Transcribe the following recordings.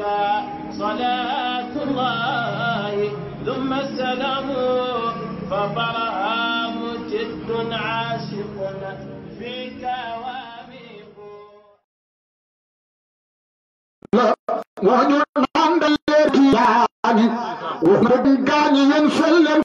عليك صلاة الله ثم السلام فطرها مجد عاشق فيك واميق وهجر عند الاتيان ومن كان ينسلم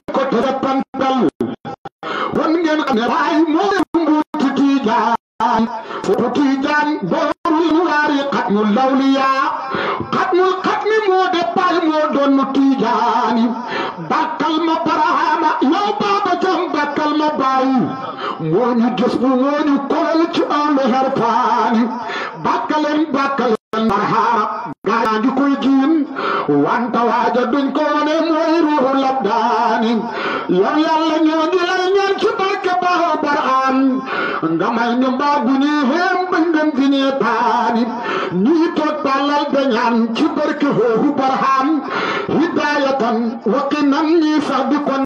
na bàyyi moo ñu gis mu moo ñu kool ci àllu harpaani bàkkaleen bàkkaleen marhaara gaa ngi koy jiin wanta waaja duñ ko wane mooy ruuxu labdaani yow yàlla ñoo ngi lay ñaan ci barke baaxu baraan nga may ñu bu ñuy xeem bañ dem di ñee paani ñuy toog bàllal ci barke xooxu baraan hidaayatan waqinan ñii sax kon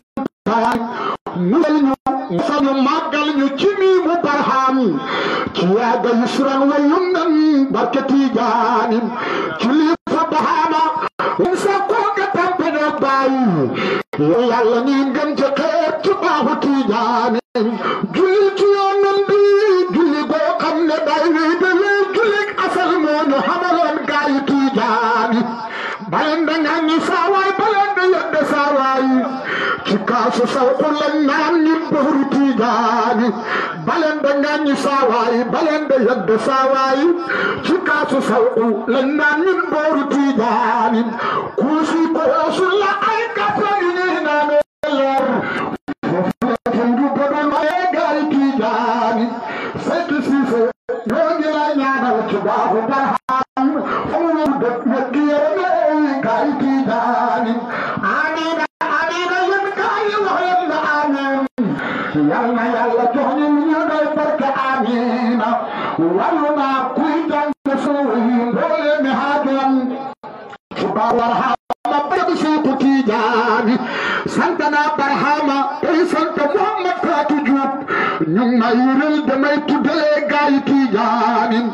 ibrahim julli fa bahama won sa ko nga tampe na bayu yo yalla ni ngam ci xeet ci baaxu tijaani julli ci yoonam bi julli goo xam ne day wi de lay julli asal moo ñu xamaloon gaay tijaani baleen da nga ñu saawaay baleen da yedde saawaay ci kaasu saw ko lan naan tiijaani baleen da ngaañi saawaay baleen da yedd saawaay ci kaasu sawqu lañ naan ñun booru tiijaani kuusi ko hoosu la ay kasa yi ñuy naanee leer foofu la kendu bodu maye gaay tiijaani saytu siise ñoo ngi lay ñaanal ci baaxu barxaan foofu la dëkk yedd yërëm gaay tiijaani santana barhama tey sant Muhammad Fatou Diop ñu may yurel damay tuddalee gaay Tijaanin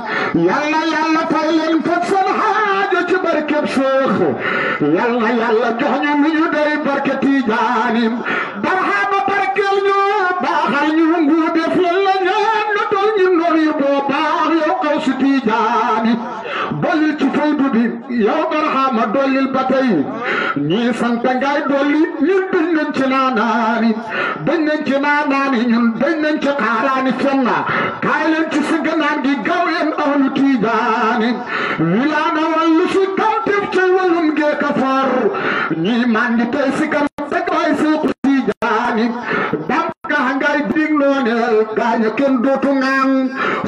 yàlla yàlla fay leen faj seen xaajo ci barkeb Seex yàlla yàlla jox ñu ñu day barke yow barxaama dollil ba tey ñii sant ngay dolli ñun dañ nañ ci naanaani dañ nañ ci naanaani ñun dañ nañ ci xaaraani fenn kaay leen ci si gannaan gi gaw leen ahlu tiijaani wilaana wallu si kaw tef ca wallum gee ka far ñii maa ngi tey ñooñu kenn dootu ngaan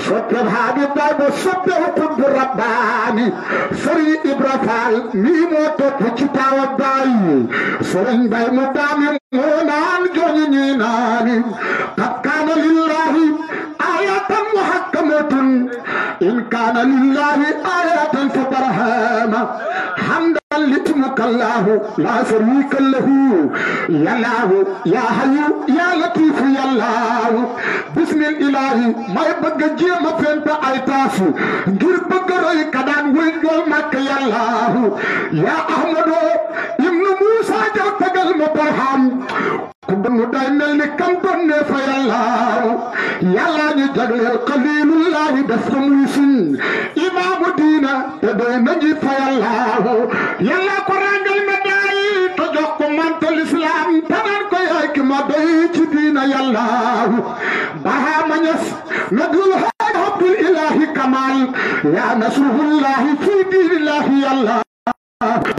soppeb haadi bay bo soppewu kutbu rabbaani sëriñ Ibra Faal mii moo topp ci taawa baay sëriñ bay mu daami moo naan jooñu ñuy naani qad kaana lillahi ayatan muhakkamatun in kaana lillahi ayatan fa barhama حسبك الله لا شريك له يا الله يا حي يا لطيف يا الله بسم الإله ما يبقى جيما فين بأيتاف غير بقرأي كدان ويجول مك يا الله يا أحمد ابن موسى جاتك المبرهام ku dund day mel ni kam doon ne fa yàlla yàlla ñu jagleel xalilullahi def ko muy suñ boobu diina te doy nañu fa yàlla yàlla ko rangal ma daay to jox ko mantal islam te naan ko yaay ki ma doy ci diina yàlla baha ma ñas na dul haaj abdul ilahi kamal yaa nasrullahi fi diinillahi yàlla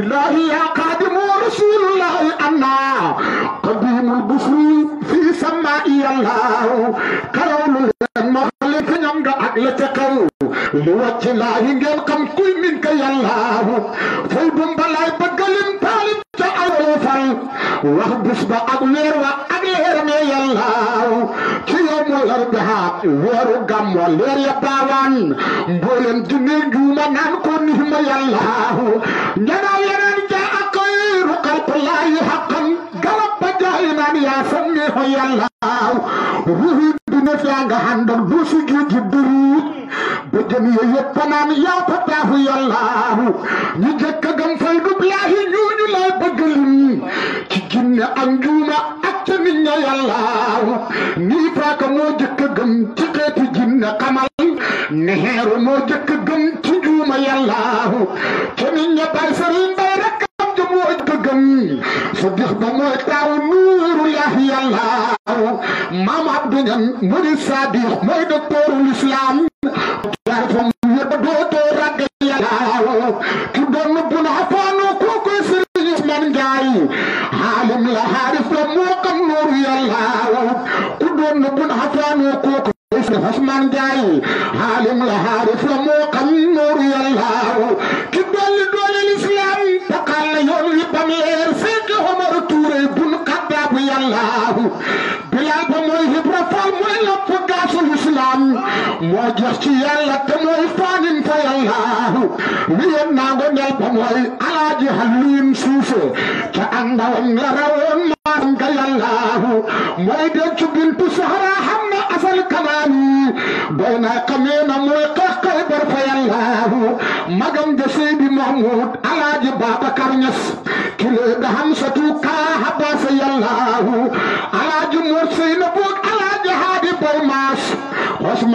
ilahi yaa qaadimu rasulullahi anna qadimul busri fi samaa'i yàlla li wàcc laahi ngeen xam kuy min ka yàllaahu fay dumbalaay bëggalim taalib ca awal fal wax bis ba ak weer wa ak leer mee yàllaahu ci yowmu larbaha weeru gàmmo leer ya baawaan mboolem jinne juuma naan ko nihma yàllaahu ñanaaw yeneen ja ak xayru xalqulaahi xaqan garab ba jaay naan yaa sammihu yàllaahu ruhi bi ne yaa nga ànd ak duusi gi ji duruut te jëm yëpp tanaan yaa fataahu yàllaahu ñu jëkk gëm fay du blaahi ñooñu lay bëgg lim ci jinne ak njuuma ak ca nit ña moo jëkk gëm ci xeeti jinne xamal ne moo jëkk ci njuuma yàllaahu ca nit ña bay sëriñ bay rek am ja moo jëkk gëm sa dix ba mooy taawu laahi yàllaahu maam abdu ñan mu di saadiq mooy docteuru lislaam Bilal ba mooy Ibra Fall mooy la fondation l'islam moo jox ci yàlla te mooy faanin fa yàllaahu li yéen naa ko alaaji xalluyin suufe ca àndawam la rawoon maaram ka yàllaahu mooy dencu bintu saxara xam na asal kanaani doy na mooy xaqay bar fa yàllaahu magam ja seydi mahmoud alaaji babacar ñas kilee ga xam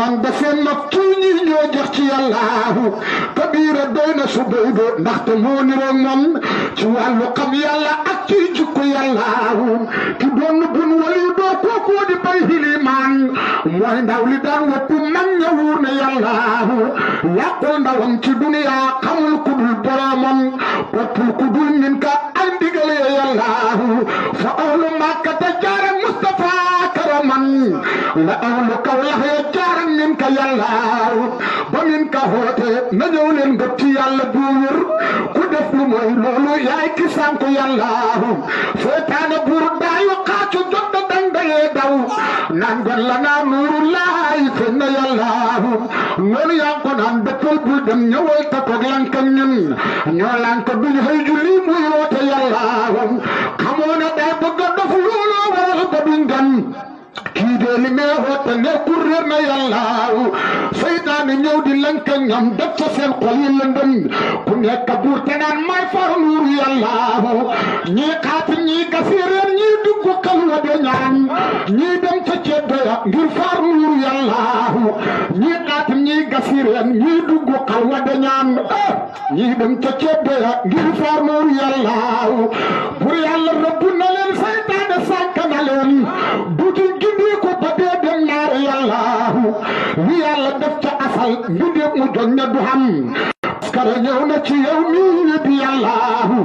a da seen la tuuy ñi ñoo jox ci yàllaahu kabiira doy na su baydo ndaxte moo niroo moom ci wàllu xam yàlla ak ciy jukko yàllaahu ki doon bun waliyu doo kookoo di bay hilimaan mooy ndaw li daan woppu mag ña wuur ne yàllaahu yàqul ndawam ci duniyaa xamul ku dul boroomam koppul ku dul min ka ay ndigal ya fa ahlu màkkata jaare Mustapha كرما لأهلك ويحيى جارا منك يلا ومنك هوتي نجول نغتي يلا بوير كدف لموي لولو ياي كسانكو يلا فتانا بوردا يقاتو جد دنگل دو نانغل لنا نور الله فن يلا نور يانكو نان دفل بودم نيوال تاكوغ لانكم نين ñoo lan ko duñ xëy julli muy woote yàlla xamoo ne day bëgg a dof looloo waral ko duñ gan réere li neexoo te nekkul réer na yàllaaw seytaane ñëw di lanka ñam def fa seen xol yi ku nekk buur te may far nuuru yàllaaw ñii xaati ñii gasi ñii dugg xalwa de ñaan ñii dem ca ceddo ya ngir far nuuru yàllaaw ñii xaati ñii gasi réer ñii dugg xalwa de eh! ñii dem ca ceddo ya ngir far nuuru yàllaaw bur yàlla rabbu li yàlla def ca asal mbindeef mu jog ña du askara ñëw ci yow mi di yàllaahu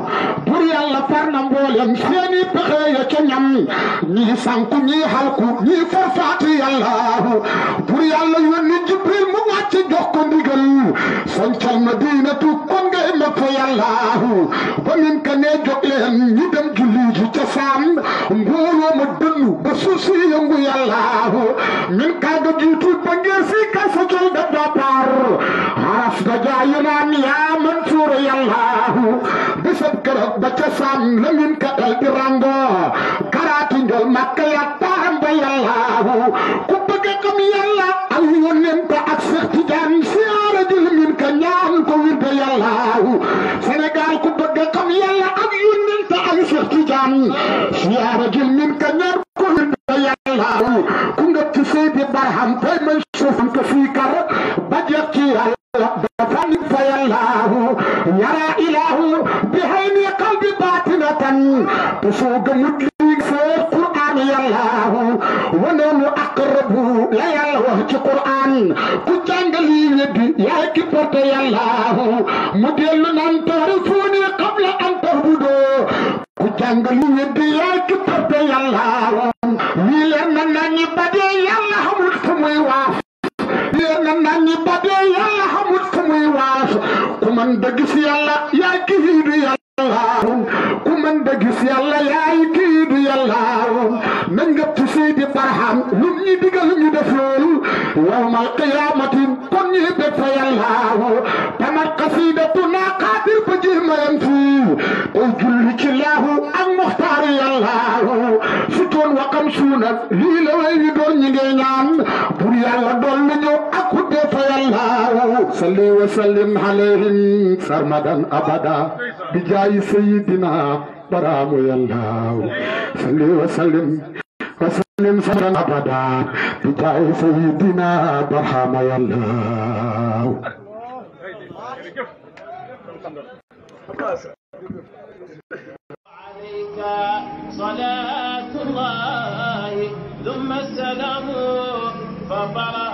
bur yàlla far na mboolem seeni pexe ya ca ñam ñii sànku ñii xalku ñii farfaatu yàllaahu bur yàlla yónni jibril mu wàcc jox ko ndigal sancal madinatu kon ngay ma fa yàllaahu ba min ka nee jóg leen ñu dem julli ji ca saam mbooloo ma dënnu suuf si yëngu yàllaahu min kàddu jiitu ba si kasa col da dopar araf da jaayu naan yaa mansuur yàllaahu bisab keroog ba ca saam la min ka dal di rango karaati njol ba yàllaahu ku bëgg a xam yàlla ak yónneen ko ak Seex Tijaan siyaara ji la ko wir da yàllaahu Sénégal ku bëgg a xam yàlla ak yónneen ko ak Seex Tijaan siyaara ji min ka waaw ku nga ci Seydi Barham tey may suufam ko fii kar ba jot ci yàlla dafa ni fa yàllaahu yara bi xëy ki porte yàllaahu mu ni ba dee yàlla xamul fu muy waaf yéen naan ni ba dee yàlla xamul fu muy waaf ku mën da gis yàlla yaay kii du yàlla ku mën da gis yàlla yaay kii du yàlla nañ nga ci Seydi Barham lu ñu digal ñu def loolu yawmal qiyaamati kon ñuy bég fa yàllaahu tamat xasiidatuna xaadir ba ji mayam fii tey julli ci laahu ak muxtaar yàllaahu su toon waxam suuna lii la way yi doon ñi ngee ñaan bur yàlla doon lu ñu ak hudde fa yàllaahu salli wa sallim alayhim sarmadan abada bi jaayi sayidina برام يلهاو صلي وسلم وسلم صبرا أبدا بجاه سيدنا برحم يلهاو عليك صلاة الله ثم السلام فبرأ